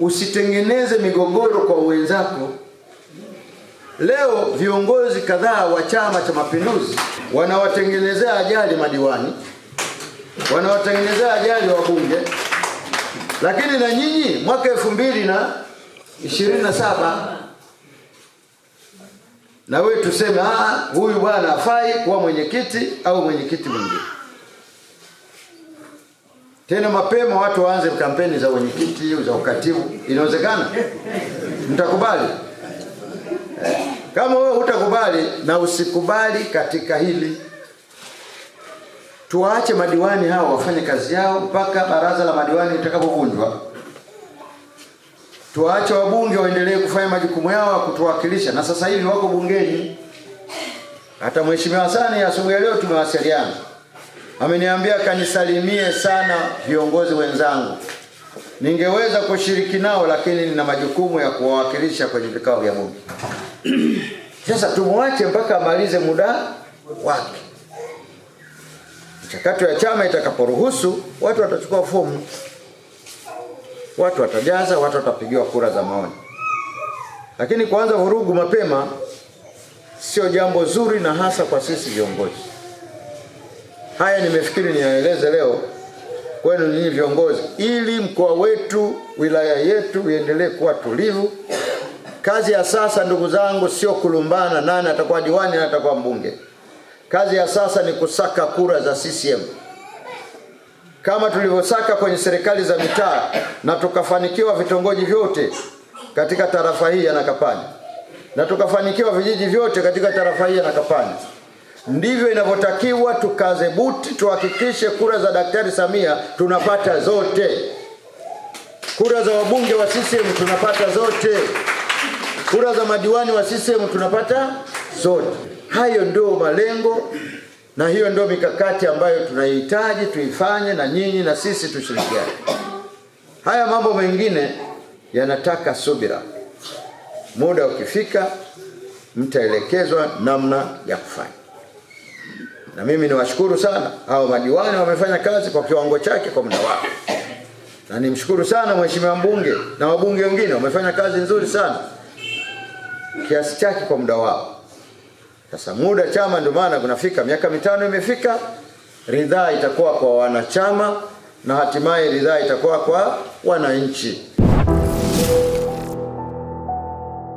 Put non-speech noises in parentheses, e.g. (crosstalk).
usitengeneze migogoro kwa wenzako. Leo viongozi kadhaa wa Chama cha Mapinduzi wanawatengenezea ajali madiwani, wanawatengenezea ajali wabunge, lakini na nyinyi mwaka elfu mbili na ishirini na saba na wewe tuseme, ah, huyu bwana hafai kuwa mwenyekiti au mwenyekiti mwingine tena mapema watu waanze kampeni za wenyekiti za ukatibu. Inawezekana, mtakubali Kama wewe hutakubali na usikubali katika hili, tuwaache madiwani hao wafanye kazi yao mpaka baraza la madiwani litakapovunjwa. Tuwaache wabunge waendelee kufanya majukumu yao ya kutuwakilisha, na sasa hivi wako bungeni. Hata mheshimiwa Hassan asubuhi ya leo tumewasiliana ameniambia kanisalimie sana viongozi wenzangu. Ningeweza kushiriki nao, lakini nina majukumu ya kuwawakilisha kwenye vikao vya Bunge. (clears throat) Sasa tumwache mpaka amalize muda wake. Mchakato ya chama itakaporuhusu, watu watachukua fomu, watu watajaza, watu watapigiwa kura za maoni, lakini kuanza vurugu mapema sio jambo zuri, na hasa kwa sisi viongozi. Haya nimefikiri niyaeleze leo kwenu nyinyi viongozi, ili mkoa wetu, wilaya yetu iendelee kuwa tulivu. Kazi ya sasa ndugu zangu, sio kulumbana nani atakuwa diwani, na atakuwa mbunge. Kazi ya sasa ni kusaka kura za CCM kama tulivyosaka kwenye serikali za mitaa na tukafanikiwa vitongoji vyote katika tarafa hii ya Nakapani na tukafanikiwa vijiji vyote katika tarafa hii ya Nakapani. Ndivyo inavyotakiwa tukaze buti, tuhakikishe kura za Daktari Samia tunapata zote, kura za wabunge wa CCM tunapata zote, kura za madiwani wa CCM tunapata zote. Hayo ndio malengo na hiyo ndio mikakati ambayo tunahitaji tuifanye, na nyinyi na sisi tushirikiane. Haya mambo mengine yanataka subira. Muda ukifika, mtaelekezwa namna ya kufanya na mimi niwashukuru sana hao madiwani wamefanya kazi kwa kiwango chake kwa muda wao, na nimshukuru sana mheshimiwa mbunge na wabunge wengine wamefanya kazi nzuri sana kiasi chake kwa muda wao. Sasa muda chama, ndio maana kunafika miaka mitano imefika, ridhaa itakuwa kwa wanachama na hatimaye ridhaa itakuwa kwa wananchi.